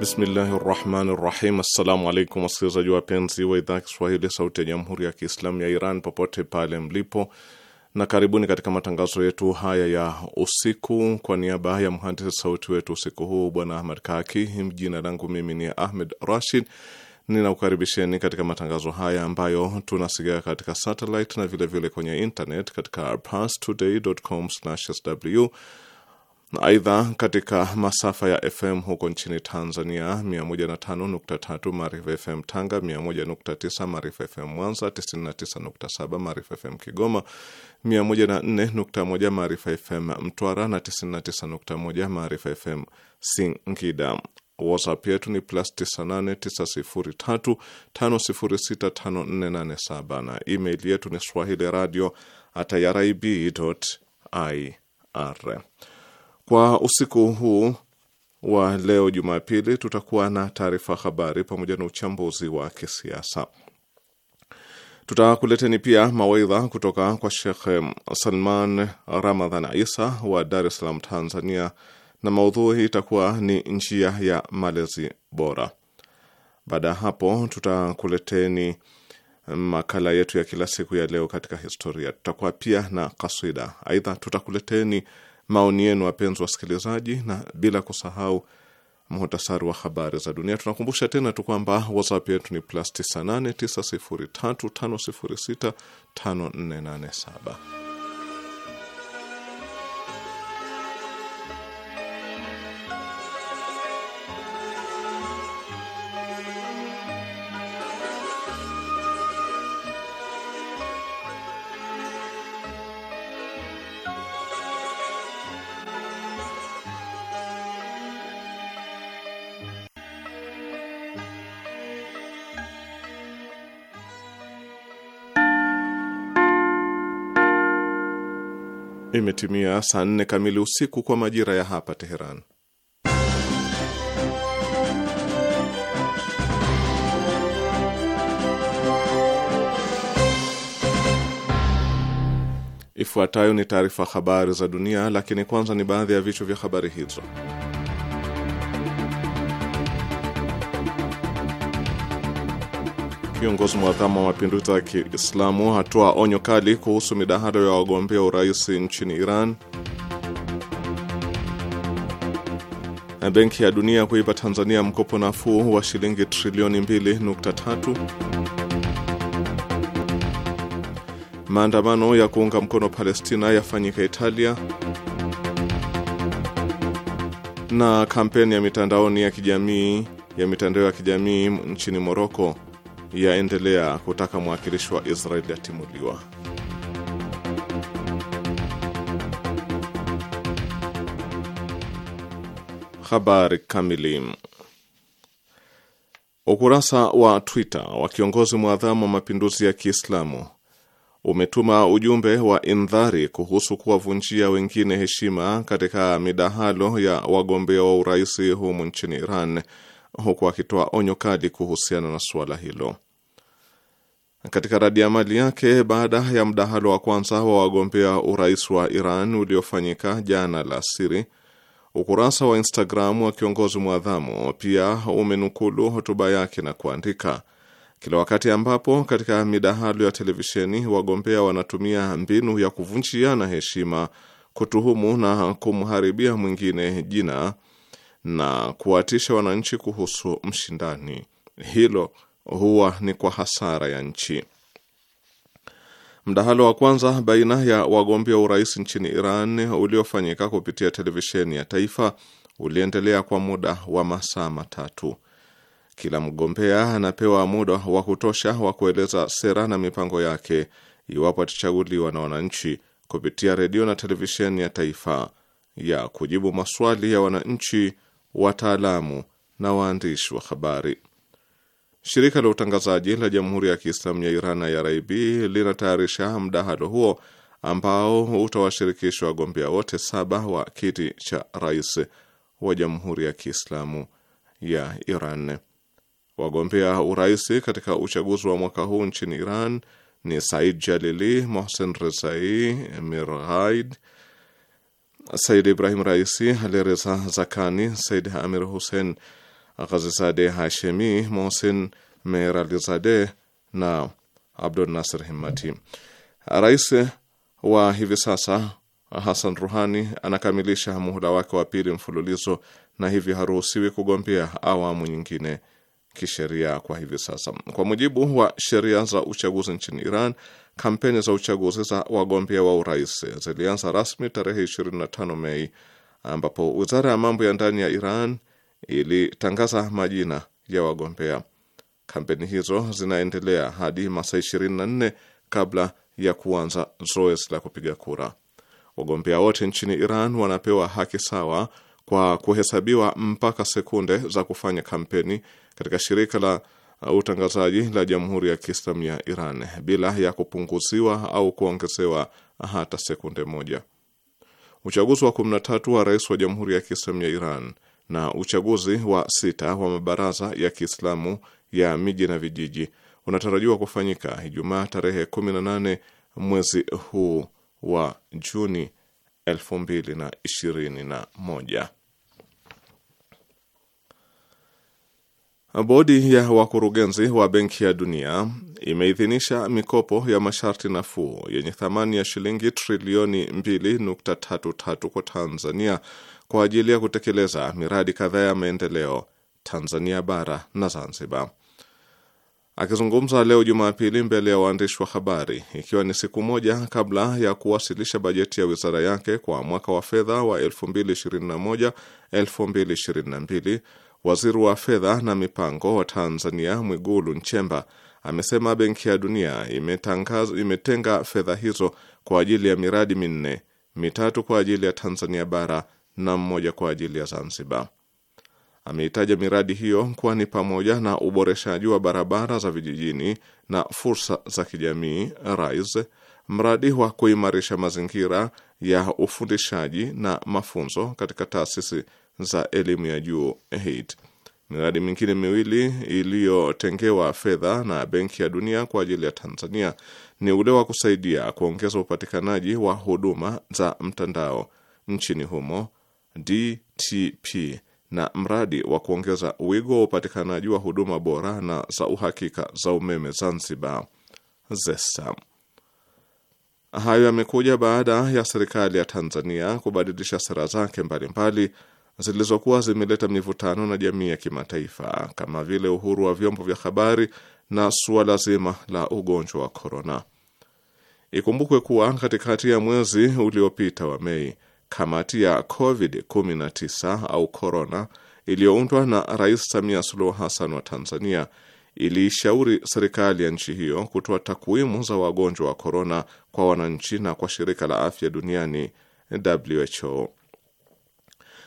Bismillahi rahmani rahim. Assalamu alaikum wasikilizaji wapenzi wa idhaa Kiswahili sauti ya jamhuri ya Kiislamu ya Iran popote pale mlipo, na karibuni katika matangazo yetu haya ya usiku. Kwa niaba ya mhandisi sauti wetu usiku huu bwana Ahmed Kaki, jina langu mimi ni Ahmed Rashid, ninakukaribisheni katika matangazo haya ambayo tunasikia katika satellite na vilevile vile kwenye internet katika parstoday.com/sw Aidha, katika masafa ya FM huko nchini Tanzania, 105.3 Maarifa FM Tanga, 101.9 Maarifa FM Mwanza, 99.7 Maarifa FM Kigoma, 104.1 Maarifa FM Mtwara na 99.1 Maarifa FM Singida. WhatsApp yetu ni plus 989035065487 na email yetu ni swahili radio at irib.ir. Kwa usiku huu wa leo Jumapili, tutakuwa na taarifa habari pamoja na uchambuzi wa kisiasa. Tutakuleteni pia mawaidha kutoka kwa Shekh Salman Ramadhan Isa wa Dar es Salaam, Tanzania, na maudhui itakuwa ni njia ya malezi bora. Baada ya hapo, tutakuleteni makala yetu ya kila siku ya leo katika historia. Tutakuwa pia na kaswida. Aidha, tutakuleteni maoni yenu, wapenzi wasikilizaji, na bila kusahau muhtasari wa habari za dunia. Tunakumbusha tena tu kwamba WhatsApp yetu ni plus 98 903 506 5487. imetimia saa nne kamili usiku kwa majira ya hapa Teheran. Ifuatayo ni taarifa habari za dunia, lakini kwanza ni baadhi ya vichwa vya habari hizo. Viongozi mwadhamu wa mapinduzi ya Kiislamu hatoa onyo kali kuhusu midahalo ya wagombea urais nchini Iran. Na Benki ya Dunia kuipa Tanzania mkopo nafuu wa shilingi trilioni 2.3. Maandamano ya kuunga mkono Palestina yafanyika Italia. Na kampeni ya mitandaoni ya kijamii ya mitandao ya kijamii nchini Moroko yaendelea kutaka mwakilishi wa Israeli atimuliwa. Habari kamili. Ukurasa wa Twitter wa kiongozi mwadhamu wa mapinduzi ya Kiislamu umetuma ujumbe wa indhari kuhusu kuwavunjia wengine heshima katika midahalo ya wagombea wa urais humu nchini Iran, huku akitoa onyo kali kuhusiana na suala hilo katika radi ya mali yake baada ya mdahalo wa kwanza wa wagombea urais wa Iran uliofanyika jana la siri, ukurasa wa Instagram wa kiongozi mwadhamu pia umenukulu hotuba yake na kuandika, kila wakati ambapo katika midahalo ya televisheni wagombea wanatumia mbinu ya kuvunjiana heshima, kutuhumu na kumharibia mwingine jina na kuwatisha wananchi kuhusu mshindani, hilo huwa ni kwa hasara ya nchi. Mdahalo wa kwanza baina ya wagombea urais nchini Iran uliofanyika kupitia televisheni ya taifa uliendelea kwa muda wa masaa matatu. Kila mgombea anapewa muda wa kutosha wa kueleza sera na mipango yake iwapo atachaguliwa na wananchi kupitia redio na televisheni ya taifa, ya kujibu maswali ya wananchi, wataalamu na waandishi wa habari. Shirika la utangazaji la Jamhuri ya Kiislamu ya Iran na IRIB linatayarisha mdahalo huo ambao utawashirikisha wagombea wote saba wa kiti cha rais wa Jamhuri ya Kiislamu ya Iran. Wagombea urais katika uchaguzi wa mwaka huu nchini Iran ni Said Jalili, Mohsen Rezai Mirghaid, Said Ibrahim Raisi, Ali Reza Zakani, Said Amir Hussein Ghazizade Hashemi, Mohsen Meralizade na Abdul Nasir Himmati. Rais wa hivi sasa Hassan Ruhani anakamilisha muhula wake wa pili mfululizo na hivyo haruhusiwi kugombea awamu nyingine kisheria kwa hivi sasa. Kwa mujibu wa sheria za uchaguzi nchini Iran, kampeni za uchaguzi za wagombea wa urais zilianza rasmi tarehe 25 Mei, ambapo wizara ya mambo ya ndani ya Iran ilitangaza majina ya wagombea. Kampeni hizo zinaendelea hadi masaa 24 kabla ya kuanza zoezi la kupiga kura. Wagombea wote nchini Iran wanapewa haki sawa kwa kuhesabiwa mpaka sekunde za kufanya kampeni katika shirika la utangazaji la Jamhuri ya Kiislamu ya Iran bila ya kupunguziwa au kuongezewa hata sekunde moja. Uchaguzi wa 13 wa rais wa Jamhuri ya Kiislamu ya Iran na uchaguzi wa sita wa mabaraza ya Kiislamu ya miji na vijiji unatarajiwa kufanyika Ijumaa tarehe 18 mwezi huu wa Juni 2021. Bodi ya wakurugenzi wa Benki ya Dunia imeidhinisha mikopo ya masharti nafuu yenye thamani ya shilingi trilioni 2.33 kwa Tanzania kwa ajili ya kutekeleza miradi kadhaa ya maendeleo Tanzania bara na Zanzibar. Akizungumza leo Jumapili mbele ya waandishi wa habari, ikiwa ni siku moja kabla ya kuwasilisha bajeti ya wizara yake kwa mwaka wa fedha wa 2021 2022, waziri wa fedha na mipango wa Tanzania Mwigulu Nchemba amesema Benki ya Dunia imetenga fedha hizo kwa ajili ya miradi minne, mitatu kwa ajili ya Tanzania bara na mmoja kwa ajili ya Zanzibar. Ameitaja miradi hiyo kuwa ni pamoja na uboreshaji wa barabara za vijijini na fursa za kijamii RISE, mradi wa kuimarisha mazingira ya ufundishaji na mafunzo katika taasisi za elimu ya juu HEET. Miradi mingine miwili iliyotengewa fedha na Benki ya Dunia kwa ajili ya Tanzania ni ule wa kusaidia kuongeza upatikanaji wa huduma za mtandao nchini humo DTP na mradi wa kuongeza wigo wa upatikanaji wa huduma bora na za uhakika za umeme Zanzibar, ZESA. Hayo yamekuja baada ya serikali ya Tanzania kubadilisha sera zake mbalimbali zilizokuwa zimeleta mivutano na jamii ya kimataifa kama vile uhuru wa vyombo vya habari na suala zima la ugonjwa wa korona. Ikumbukwe kuwa katikati ya mwezi uliopita wa Mei, kamati ya COVID-19 au corona iliyoundwa na Rais Samia Suluhu Hassan wa Tanzania iliishauri serikali ya nchi hiyo kutoa takwimu za wagonjwa wa korona kwa wananchi na kwa shirika la afya duniani WHO.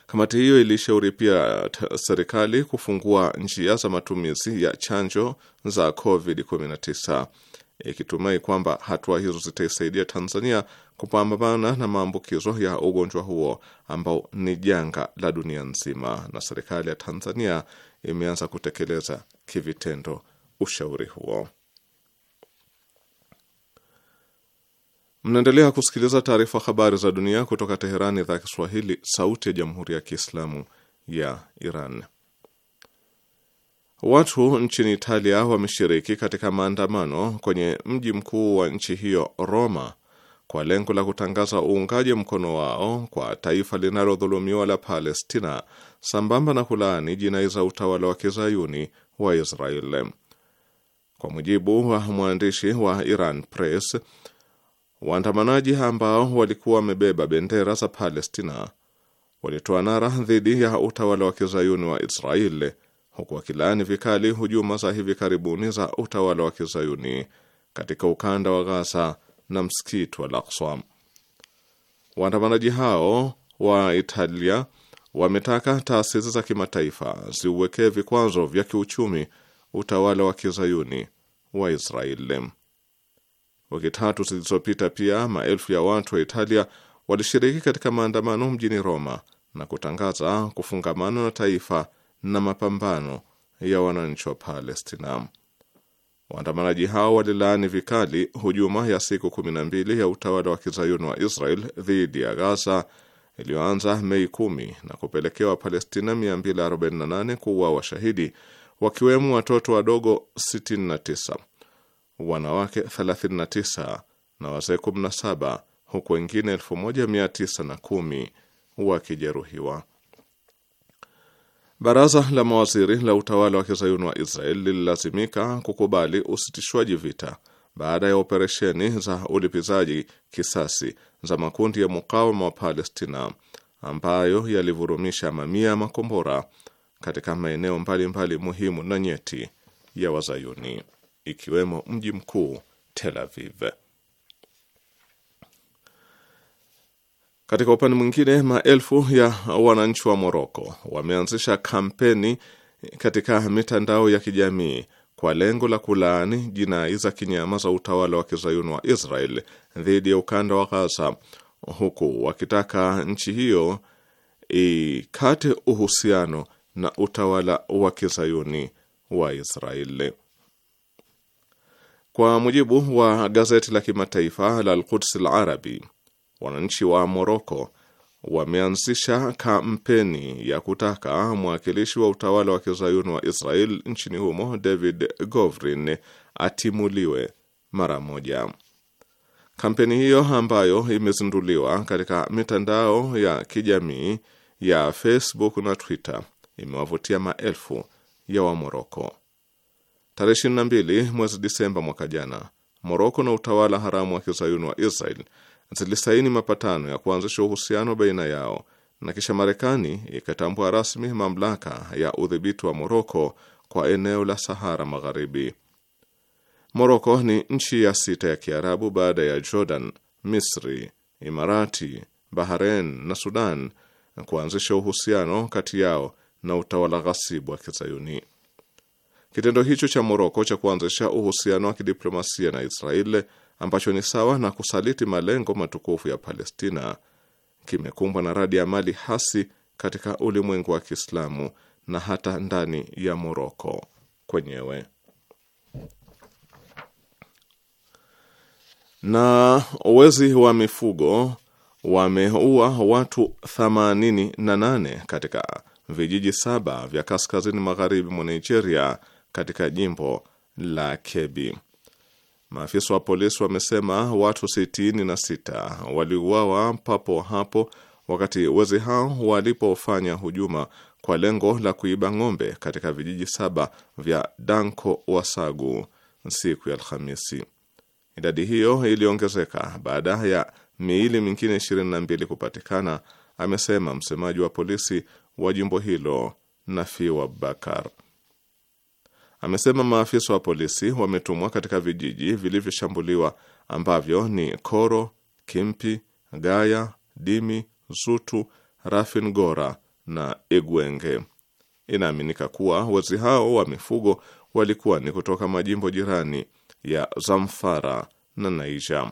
Kamati hiyo ilishauri pia serikali kufungua njia za matumizi ya chanjo za COVID-19 ikitumai kwamba hatua hizo zitaisaidia Tanzania kupambana na maambukizo ya ugonjwa huo ambao ni janga la dunia nzima, na serikali ya Tanzania imeanza kutekeleza kivitendo ushauri huo. Mnaendelea kusikiliza taarifa habari za dunia kutoka Teherani, idhaa ya Kiswahili, sauti ya jamhuri ya kiislamu ya Iran. Watu nchini Italia wameshiriki katika maandamano kwenye mji mkuu wa nchi hiyo Roma, kwa lengo la kutangaza uungaji mkono wao kwa taifa linalodhulumiwa la Palestina, sambamba na kulaani jinai za utawala wa kizayuni wa Israeli. Kwa mujibu wa mwandishi wa Iran Press, waandamanaji ambao walikuwa wamebeba bendera za Palestina walitoa nara dhidi ya utawala wa kizayuni wa Israeli huku akilaani vikali hujuma za hivi karibuni za utawala wa kizayuni katika ukanda wa Ghaza na msikiti wa Al-Aqsa. Waandamanaji hao wa Italia wametaka taasisi za kimataifa ziuwekee vikwazo vya kiuchumi utawala wa kizayuni wa Israeli. Wiki tatu zilizopita, pia maelfu ya watu wa Italia walishiriki katika maandamano mjini Roma na kutangaza kufungamana na taifa na mapambano ya wananchi wa Palestina. Waandamanaji hao walilaani vikali hujuma ya siku 12 ya utawala wa kizayuni wa Israel dhidi ya Gaza iliyoanza Mei kumi na kupelekea Wapalestina 248 kuuawa washahidi, wakiwemo watoto wadogo 69, wanawake 39 na wazee 17, huku wengine 1910 wakijeruhiwa. Baraza la mawaziri la utawala wa kizayuni wa Israel lililazimika kukubali usitishwaji vita baada ya operesheni za ulipizaji kisasi za makundi ya mukawama wa Palestina ambayo yalivurumisha mamia ya makombora katika maeneo mbalimbali muhimu na nyeti ya Wazayuni ikiwemo mji mkuu Tel Aviv. Katika upande mwingine, maelfu ya wananchi wa Moroko wameanzisha kampeni katika mitandao ya kijamii kwa lengo la kulaani jinai za kinyama za utawala wa kizayuni wa Israel dhidi ya ukanda wa Gaza, huku wakitaka nchi hiyo ikate uhusiano na utawala wa kizayuni wa Israeli. Kwa mujibu wa gazeti la kimataifa la Al-Quds Al-Arabi, wananchi wa Moroko wameanzisha kampeni ya kutaka mwakilishi wa utawala wa kizayuni wa Israel nchini humo David Govrin atimuliwe mara moja. Kampeni hiyo ambayo imezinduliwa katika mitandao ya kijamii ya Facebook na Twitter imewavutia maelfu ya Wamoroko. Tarehe 22 mwezi Disemba mwaka jana, Moroko na utawala haramu wa kizayuni wa Israel zilisaini mapatano ya kuanzisha uhusiano baina yao na kisha Marekani ikatambua rasmi mamlaka ya udhibiti wa Moroko kwa eneo la Sahara Magharibi. Moroko ni nchi ya sita ya Kiarabu baada ya Jordan, Misri, Imarati, Bahrain na Sudan kuanzisha uhusiano kati yao na utawala ghasibu wa Kizayuni. Kitendo hicho cha Moroko cha kuanzisha uhusiano wa kidiplomasia na Israeli ambacho ni sawa na kusaliti malengo matukufu ya Palestina kimekumbwa na radi ya mali hasi katika ulimwengu wa Kiislamu na hata ndani ya Moroko kwenyewe. Na wezi wa mifugo wameua watu 88 katika vijiji saba vya kaskazini magharibi mwa Nigeria katika jimbo la Kebbi. Maafisa wa polisi wamesema watu sitini na sita waliuawa papo hapo wakati wezi hao walipofanya hujuma kwa lengo la kuiba ng'ombe katika vijiji saba vya Danko Wasagu siku ya Alhamisi. Idadi hiyo iliongezeka baada ya miili mingine 22 kupatikana, amesema msemaji wa polisi wa jimbo hilo Nafiwa Bakar. Amesema maafisa wa polisi wametumwa katika vijiji vilivyoshambuliwa ambavyo ni Koro, Kimpi, Gaya, Dimi, Zutu, Rafin Gora na Igwenge. Inaaminika kuwa wezi hao wa mifugo walikuwa ni kutoka majimbo jirani ya Zamfara na Naija.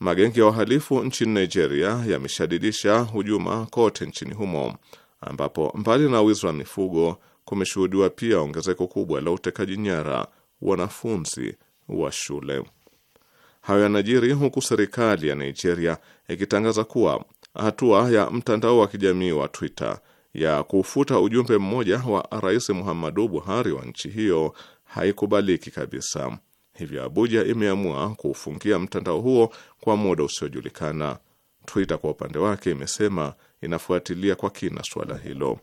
Magengi ya wahalifu nchini Nigeria yameshadidisha hujuma kote nchini humo ambapo mbali na wizi wa mifugo kumeshuhudiwa pia ongezeko kubwa la utekaji nyara wanafunzi wa shule. Hayo yanajiri huku serikali ya Nigeria ikitangaza kuwa hatua ya mtandao wa kijamii wa Twitter ya kufuta ujumbe mmoja wa Rais Muhammadu Buhari wa nchi hiyo haikubaliki kabisa. Hivyo Abuja imeamua kuufungia mtandao huo kwa muda usiojulikana. Twitter kwa upande wake imesema inafuatilia kwa kina suala hilo.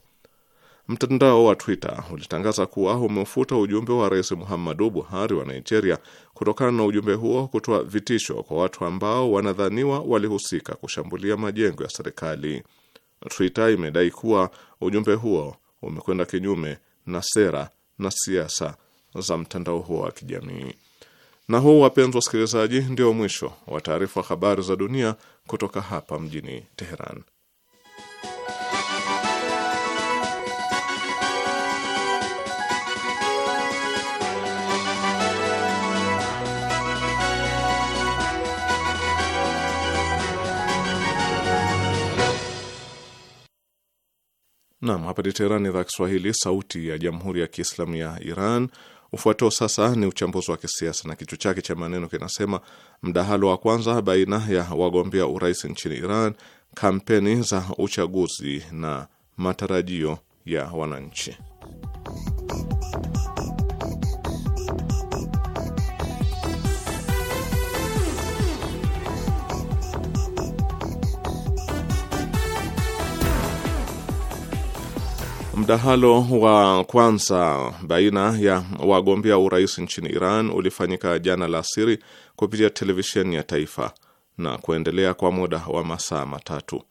Mtandao wa Twitter ulitangaza kuwa umeufuta ujumbe wa Rais Muhammadu Buhari wa Nigeria kutokana na ujumbe huo kutoa vitisho kwa watu ambao wanadhaniwa walihusika kushambulia majengo ya serikali. Twitter imedai kuwa ujumbe huo umekwenda kinyume na sera na siasa za mtandao huo wa kijamii. Na huu, wapenzi wasikilizaji, ndio mwisho wa taarifa habari za dunia kutoka hapa mjini Teheran. Nam, hapa ni Teheran, idhaa Kiswahili, sauti ya jamhuri ya kiislamu ya Iran. Ufuatao sasa ni uchambuzi wa kisiasa na kichwa chake cha maneno kinasema: mdahalo wa kwanza baina ya wagombea urais nchini Iran, kampeni za uchaguzi na matarajio ya wananchi. Mdahalo wa kwanza baina ya wagombea urais nchini Iran ulifanyika jana la asiri kupitia televisheni ya taifa na kuendelea kwa muda wa masaa matatu.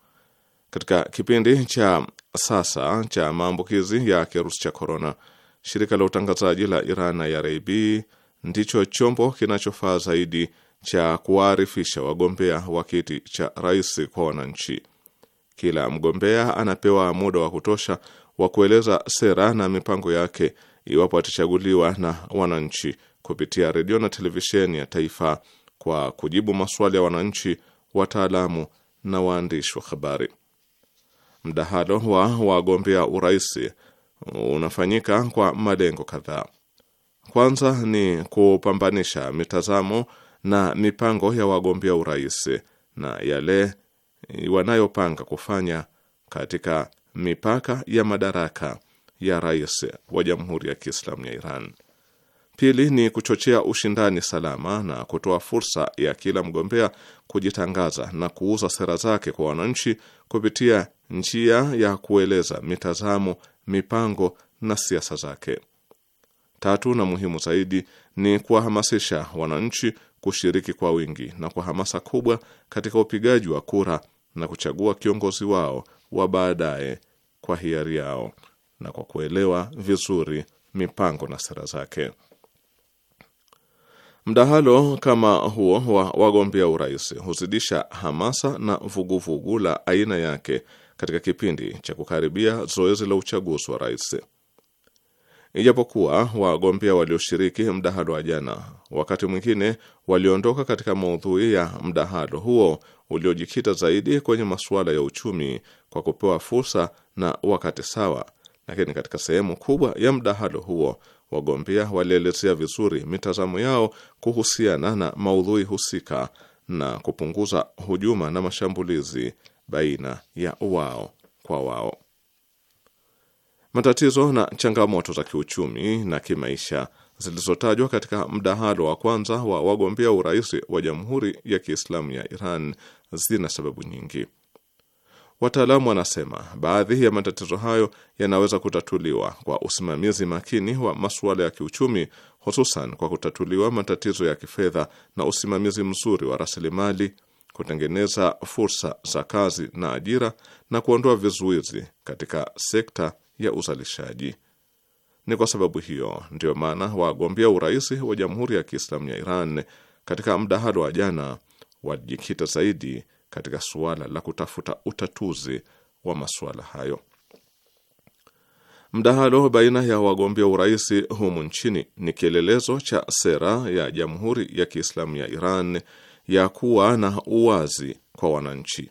Katika kipindi cha sasa cha maambukizi ya kirusi cha korona, shirika la utangazaji la Iran na IRIB ndicho chombo kinachofaa zaidi cha kuwaarifisha wagombea wa kiti cha rais kwa wananchi. Kila mgombea anapewa muda wa kutosha wa kueleza sera na mipango yake iwapo atachaguliwa na wananchi kupitia redio na televisheni ya taifa kwa kujibu maswali ya wananchi, wataalamu na waandishi wa habari. Mdahalo wa wagombea urais unafanyika kwa malengo kadhaa. Kwanza ni kupambanisha mitazamo na mipango ya wagombea urais na yale wanayopanga kufanya katika mipaka ya madaraka ya rais wa Jamhuri ya Kiislamu ya Iran. Pili ni kuchochea ushindani salama na kutoa fursa ya kila mgombea kujitangaza na kuuza sera zake kwa wananchi kupitia njia ya kueleza mitazamo, mipango na siasa zake. Tatu na muhimu zaidi ni kuwahamasisha wananchi kushiriki kwa wingi na kwa hamasa kubwa katika upigaji wa kura na kuchagua kiongozi wao wa baadaye kwa hiari yao na kwa kuelewa vizuri mipango na sera zake. Mdahalo kama huo wa wagombea urais huzidisha hamasa na vuguvugu la aina yake katika kipindi cha kukaribia zoezi la uchaguzi wa rais. Ijapokuwa wagombea walioshiriki mdahalo wa jana wakati mwingine waliondoka katika maudhui ya mdahalo huo uliojikita zaidi kwenye masuala ya uchumi, kwa kupewa fursa na wakati sawa, lakini katika sehemu kubwa ya mdahalo huo wagombea walielezea vizuri mitazamo yao kuhusiana na maudhui husika na kupunguza hujuma na mashambulizi baina ya wao kwa wao. Matatizo na changamoto za kiuchumi na kimaisha zilizotajwa katika mdahalo wa kwanza wa wagombea urais wa Jamhuri ya Kiislamu ya Iran zina sababu nyingi. Wataalamu wanasema baadhi ya matatizo hayo yanaweza kutatuliwa kwa usimamizi makini wa masuala ya kiuchumi, hususan kwa kutatuliwa matatizo ya kifedha na usimamizi mzuri wa rasilimali, kutengeneza fursa za kazi na ajira, na kuondoa vizuizi katika sekta ya uzalishaji. Ni kwa sababu hiyo ndiyo maana wagombea urais wa Jamhuri ya Kiislamu ya Iran katika mdahalo wa jana walijikita zaidi katika suala la kutafuta utatuzi wa masuala hayo. Mdahalo baina ya wagombea urais humu nchini ni kielelezo cha sera ya Jamhuri ya Kiislamu ya Iran ya kuwa na uwazi kwa wananchi.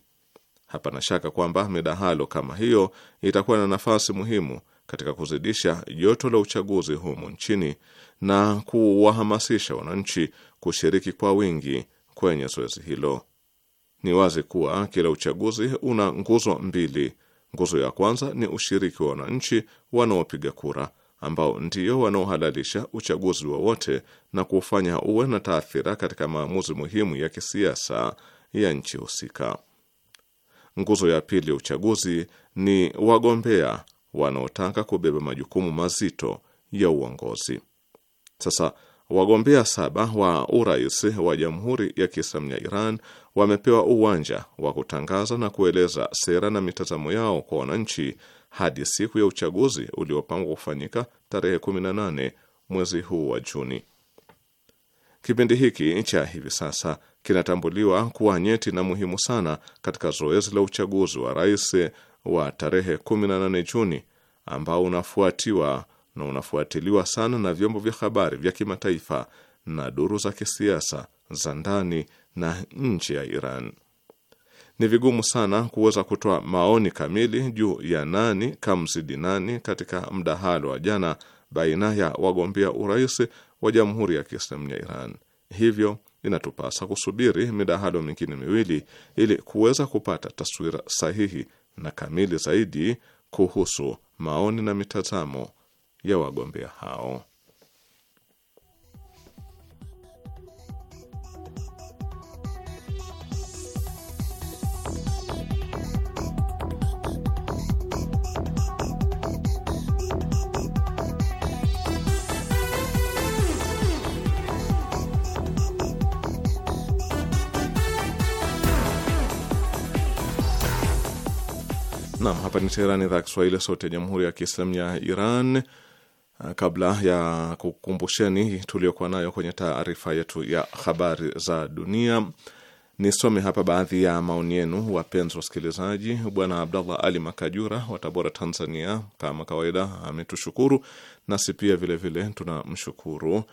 Hapana shaka kwamba midahalo kama hiyo itakuwa na nafasi muhimu katika kuzidisha joto la uchaguzi humu nchini na kuwahamasisha wananchi kushiriki kwa wingi kwenye zoezi hilo. Ni wazi kuwa kila uchaguzi una nguzo mbili. Nguzo ya kwanza ni ushiriki wa wananchi wanaopiga kura, ambao ndiyo wanaohalalisha uchaguzi wowote na kuufanya uwe na taathira katika maamuzi muhimu ya kisiasa ya nchi husika. Nguzo ya pili ya uchaguzi ni wagombea wanaotaka kubeba majukumu mazito ya uongozi. Sasa wagombea saba wa urais wa Jamhuri ya Kiislamu ya Iran wamepewa uwanja wa kutangaza na kueleza sera na mitazamo yao kwa wananchi hadi siku ya uchaguzi uliopangwa kufanyika tarehe 18 mwezi huu wa Juni. Kipindi hiki cha hivi sasa kinatambuliwa kuwa nyeti na muhimu sana katika zoezi la uchaguzi wa rais wa tarehe 18 Juni ambao unafuatiwa na unafuatiliwa sana na vyombo vya habari vya kimataifa na duru za kisiasa za ndani na nchi ya Iran. Ni vigumu sana kuweza kutoa maoni kamili juu ya nani kamzidi nani katika mdahalo wa jana baina ya wagombea urais wa Jamhuri ya Kiislamu ya Iran. Hivyo inatupasa kusubiri midahalo mingine miwili ili kuweza kupata taswira sahihi na kamili zaidi kuhusu maoni na mitazamo ya wagombea hao. Nam, hapa ni Teherani, idhaa ya Kiswahili, sauti ya jamhuri ya kiislamu ya Iran. Ah, kabla ya kukumbusheni tuliokuwa nayo kwenye taarifa yetu ya habari za dunia, nisome hapa baadhi ya maoni yenu, wapenzi wasikilizaji. Bwana Abdallah Ali Makajura wa Tabora, Tanzania, kama kawaida ametushukuru, nasi pia vilevile tunamshukuru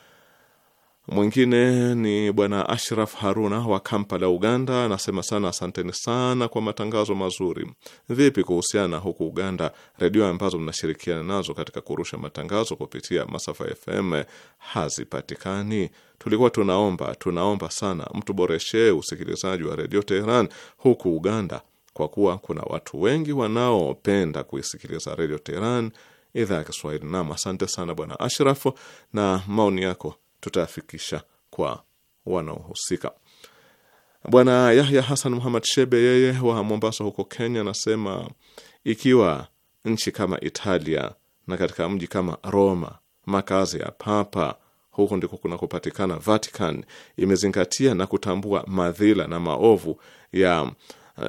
Mwingine ni bwana Ashraf Haruna wa Kampala, Uganda, anasema sana asanteni sana kwa matangazo mazuri. Vipi kuhusiana huku Uganda, redio ambazo mnashirikiana nazo katika kurusha matangazo kupitia masafa FM hazipatikani? Tulikuwa tunaomba tunaomba sana mtuboreshee usikilizaji wa redio Teheran huku Uganda, kwa kuwa kuna watu wengi wanaopenda kuisikiliza redio Teheran idhaa ya Kiswahili. Nam, asante sana bwana Ashraf na maoni yako tutayafikisha kwa wanaohusika. Bwana Yahya Hassan Muhammad Shebe, yeye wa Mombasa huko Kenya, anasema ikiwa nchi kama Italia na katika mji kama Roma, makazi ya Papa, huku ndiko kunakopatikana Vatican, imezingatia na kutambua madhila na maovu ya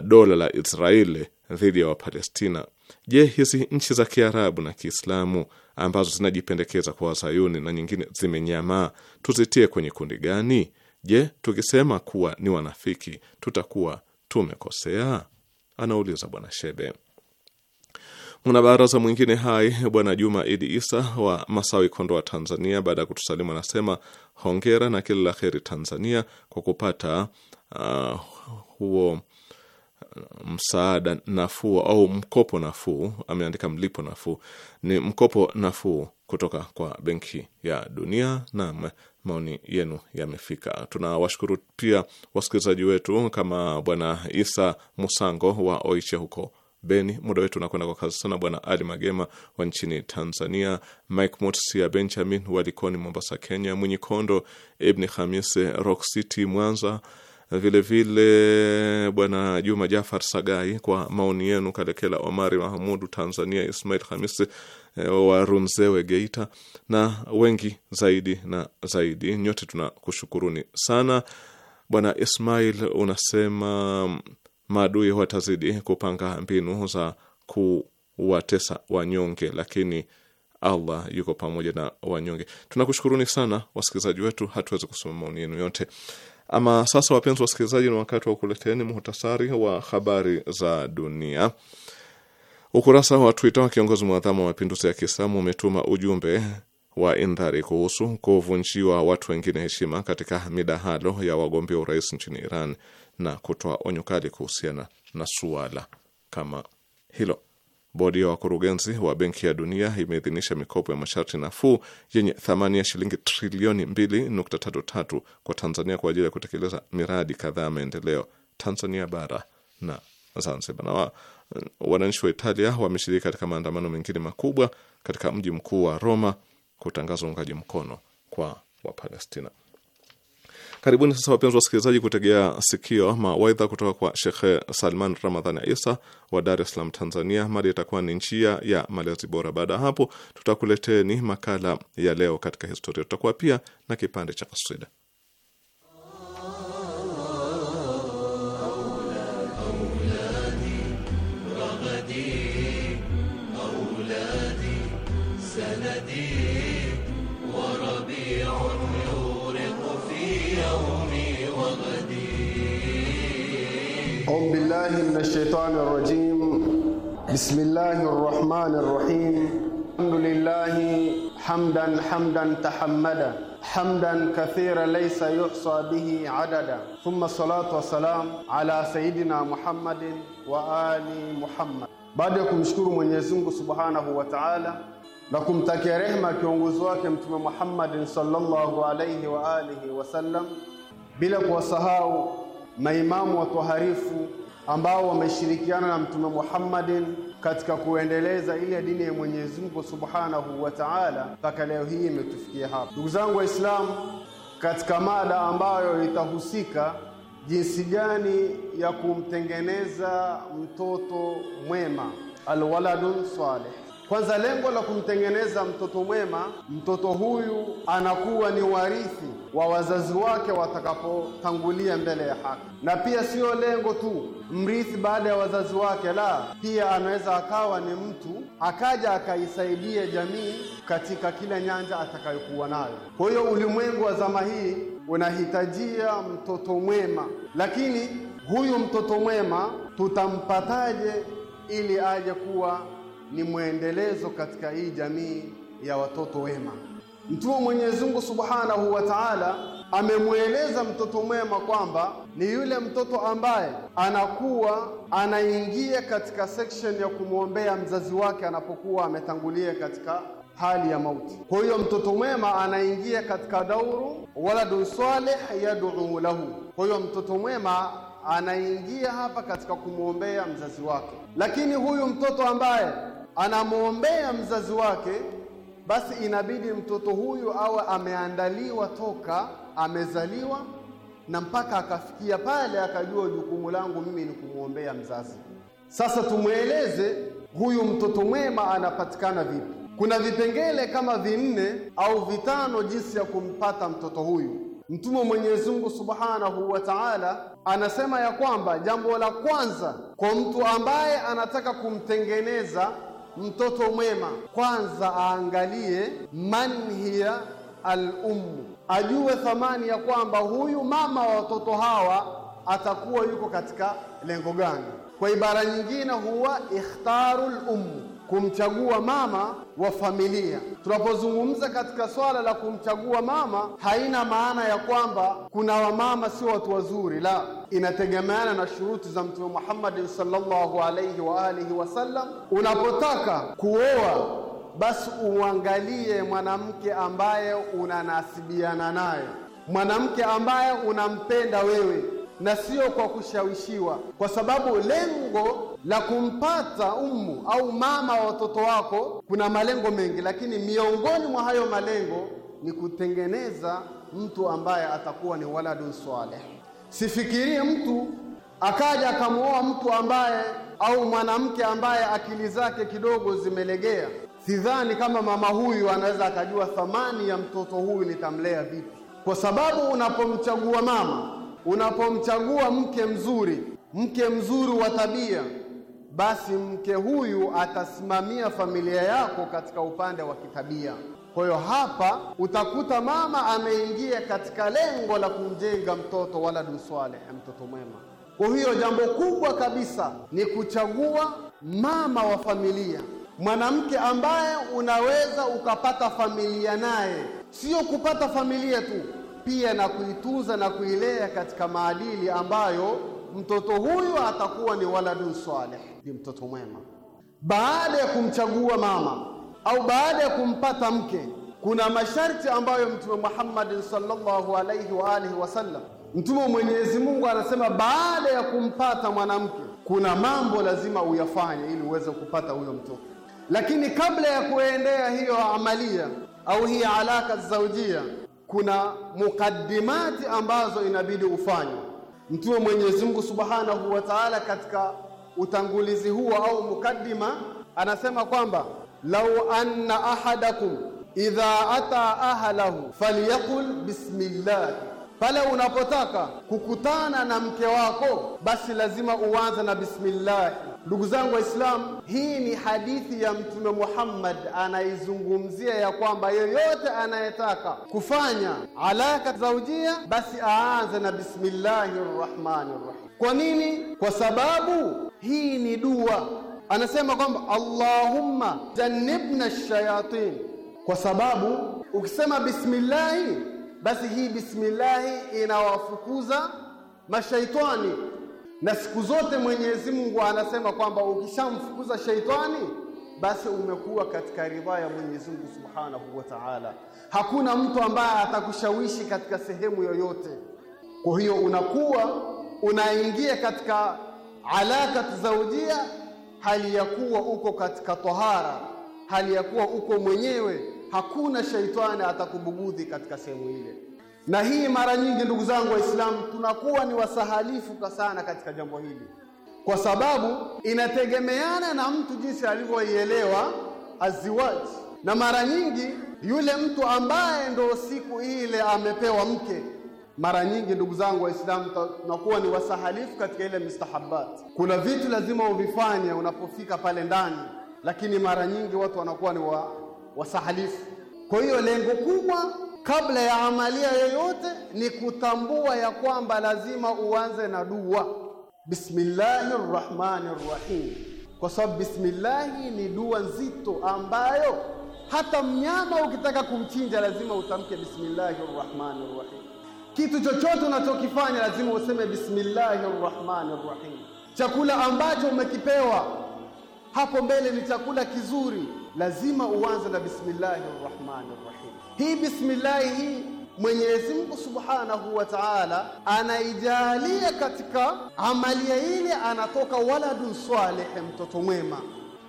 dola la Israeli dhidi ya Wapalestina. Je, hizi nchi za Kiarabu na Kiislamu ambazo zinajipendekeza kwa Wazayuni na nyingine zimenyamaa, tuzitie kwenye kundi gani? Je, tukisema kuwa ni wanafiki tutakuwa tumekosea? Anauliza Bwana Shebe. Mwanabaraza mwingine hai Bwana Juma Idi Isa wa Masawi, Kondoa, Tanzania, baada ya kutusalimu anasema hongera na kila la heri Tanzania kwa kupata uh, huo msaada nafuu au mkopo nafuu, ameandika mlipo nafuu, ni mkopo nafuu kutoka kwa Benki ya Dunia. na maoni yenu yamefika. Tunawashukuru pia wasikilizaji wetu kama Bwana Isa Musango wa Oiche huko Beni. Muda wetu unakwenda kwa kazi sana. Bwana Ali Magema wa nchini Tanzania, Mike Motsia Benjamin Walikoni, Mombasa, Kenya, Mwinyi Kondo, Ibni Hamis Rock City, Mwanza vile vile bwana Juma Jafar Sagai kwa maoni yenu, Kalekela Omari Mahamudu Tanzania, Ismail hamis eh, wa Runzewe Geita na wengi zaidi na zaidi, nyote tunakushukuruni sana. Bwana Ismail unasema maadui watazidi kupanga mbinu za kuwatesa wanyonge, lakini Allah yuko pamoja na wanyonge. Tunakushukuruni sana wasikilizaji wetu, hatuwezi kusoma maoni yenu yote. Ama sasa, wapenzi wasikilizaji, ni wakati wa kuleteni muhtasari wa habari za dunia. Ukurasa wa Twitter wa kiongozi mwadhamu wa mapinduzi ya Kiislamu umetuma ujumbe wa indhari kuhusu kuvunjiwa watu wengine heshima katika midahalo ya wagombea urais nchini Iran na kutoa onyo kali kuhusiana na suala kama hilo. Bodi ya wakurugenzi wa Benki ya Dunia imeidhinisha mikopo ya masharti nafuu yenye thamani ya shilingi trilioni 2.33 kwa Tanzania kwa ajili ya kutekeleza miradi kadhaa ya maendeleo Tanzania bara na Zanzibar. Na wananchi wa Italia wameshiriki katika maandamano mengine makubwa katika mji mkuu wa Roma kutangaza uungaji mkono kwa Wapalestina. Karibuni sasa wapenzi wasikilizaji, kutegea sikio mawaidha kutoka kwa Shekhe Salman Ramadhani Isa wa Dar es Salaam, Tanzania. Mada itakuwa ni njia ya malezi bora. Baada ya hapo, tutakuleteni makala ya leo katika historia. Tutakuwa pia na kipande cha kasida. أعوذ بالله من الشيطان الرجيم بسم الله الرحمن الرحيم الحمد لله حمدا حمدا تحمدا حمدا كثيرا ليس يحصى به عددا ثم الصلاة والسلام على سيدنا محمد وآل محمد بعد يكم شكر من يزنك سبحانه وتعالى لكم تكرهما كونغزوك محمد صلى الله عليه وآله وسلم بلا وصهاو maimamu watoharifu ambao wameshirikiana na Mtume Muhammadin katika kuendeleza ile dini ya Mwenyezi Mungu Subhanahu wa Ta'ala mpaka leo hii imetufikia hapa. Ndugu zangu Waislamu, katika mada ambayo itahusika jinsi gani ya kumtengeneza mtoto mwema, alwaladun salih kwanza, lengo la kumtengeneza mtoto mwema, mtoto huyu anakuwa ni warithi wa wazazi wake watakapotangulia mbele ya haki, na pia siyo lengo tu mrithi baada ya wazazi wake, la pia anaweza akawa ni mtu akaja akaisaidia jamii katika kila nyanja atakayokuwa nayo. Kwa hiyo ulimwengu wa zama hii unahitajia mtoto mwema, lakini huyu mtoto mwema tutampataje ili aje kuwa ni mwendelezo katika hii jamii ya watoto wema. Mtume Mwenyezi Mungu Subhanahu wa Ta'ala amemweleza mtoto mwema kwamba ni yule mtoto ambaye anakuwa anaingia katika section ya kumwombea mzazi wake anapokuwa ametangulia katika hali ya mauti. Kwa hiyo mtoto mwema anaingia katika dauru waladu salih yad'u lahu. Kwa hiyo mtoto mwema anaingia hapa katika kumwombea mzazi wake, lakini huyu mtoto ambaye anamwombea mzazi wake, basi inabidi mtoto huyu awe ameandaliwa toka amezaliwa na mpaka akafikia pale akajua jukumu langu mimi ni kumwombea mzazi. Sasa tumweleze huyu mtoto mwema anapatikana vipi? Kuna vipengele kama vinne au vitano jinsi ya kumpata mtoto huyu. Mtume Mwenyezi Mungu Subhanahu wa Ta'ala anasema ya kwamba jambo la kwanza kwa mtu ambaye anataka kumtengeneza mtoto mwema kwanza aangalie man hiya al-ummu, ajue thamani ya kwamba huyu mama wa watoto hawa atakuwa yuko katika lengo gani. Kwa ibara nyingine, huwa ikhtaru ummu kumchagua mama wa familia. Tunapozungumza katika swala la kumchagua mama, haina maana ya kwamba kuna wamama sio watu wazuri, la, inategemeana na shuruti za Mtume Muhammad sallallahu alaihi wa alihi wasallam. Unapotaka kuoa basi uangalie mwanamke ambaye unanasibiana naye, mwanamke ambaye unampenda wewe na sio kwa kushawishiwa, kwa sababu lengo la kumpata umu au mama wa watoto wako kuna malengo mengi, lakini miongoni mwa hayo malengo ni kutengeneza mtu ambaye atakuwa ni waladun saleh. Sifikirie mtu akaja akamwoa mtu ambaye au mwanamke ambaye akili zake kidogo zimelegea. Sidhani kama mama huyu anaweza akajua thamani ya mtoto huyu, nitamlea vipi? Kwa sababu unapomchagua mama Unapomchagua mke mzuri, mke mzuri wa tabia, basi mke huyu atasimamia familia yako katika upande wa kitabia. Kwa hiyo hapa utakuta mama ameingia katika lengo la kumjenga mtoto waladun saleh, eh, mtoto mwema. Kwa hiyo jambo kubwa kabisa ni kuchagua mama wa familia, mwanamke ambaye unaweza ukapata familia naye, sio kupata familia tu pia na kuitunza na kuilea katika maadili ambayo mtoto huyu atakuwa ni waladun salih, ni mtoto mwema. Baada ya kumchagua mama au baada ya kumpata mke, kuna masharti ambayo Mtume Muhammad sallallahu alaihi wa alihi wasallam, mtume wa Mwenyezi Mungu anasema, baada ya kumpata mwanamke kuna mambo lazima uyafanye ili uweze kupata huyo mtoto, lakini kabla ya kuendea hiyo amalia au hii alaka zaujia kuna mukaddimati ambazo inabidi ufanywe. Mtume Mwenyezi Mungu Subhanahu wa Ta'ala katika utangulizi huo au mukaddima anasema kwamba lau anna ahadakum idha ata ahlahu falyaqul bismillah, pale unapotaka kukutana na mke wako basi lazima uanze na bismillah Ndugu zangu Waislamu, hii ni hadithi ya Mtume Muhammad anaizungumzia ya kwamba yeyote anayetaka kufanya alaka zaujia basi aanze na bismillahi rrahmani rrahim. Kwa nini? Kwa sababu hii ni dua. Anasema kwamba Allahumma jannibna shayatin, kwa sababu ukisema bismillahi, basi hii bismillahi inawafukuza mashaitani na siku zote Mwenyezi Mungu anasema kwamba ukishamfukuza sheitani basi umekuwa katika ridhaa ya Mwenyezi Mungu Subhanahu wa Ta'ala. Hakuna mtu ambaye atakushawishi katika sehemu yoyote. Kwa hiyo unakuwa unaingia katika alaka zaujia, hali ya kuwa uko katika tohara, hali ya kuwa uko mwenyewe, hakuna sheitani atakubugudhi katika sehemu ile. Na hii mara nyingi, ndugu zangu Waislamu, tunakuwa ni wasahalifu sana katika jambo hili, kwa sababu inategemeana na mtu jinsi alivyoielewa aziwaj. na mara nyingi yule mtu ambaye ndo siku ile amepewa mke mara nyingi ndugu zangu Waislamu, tunakuwa ni wasahalifu katika ile mustahabbat. Kuna vitu lazima uvifanye unapofika pale ndani, lakini mara nyingi watu wanakuwa ni wa, wasahalifu. Kwa hiyo lengo kubwa kabla ya amalia yoyote ni kutambua ya kwamba lazima uanze na dua, bismillahi rrahmani rrahim, kwa sababu bismillahi ni dua nzito ambayo hata mnyama ukitaka kumchinja lazima utamke bismillahi rrahmani rrahim. Kitu chochote unachokifanya lazima useme bismillahi rrahmani rrahim. Chakula ambacho umekipewa hapo mbele ni chakula kizuri, lazima uanze na bismillahi rrahmani rrahim. Hii bismillahi hii Mwenyezi Mungu Subhanahu wa Ta'ala anaijalia katika amalia ile, anatoka waladun salih, mtoto mwema.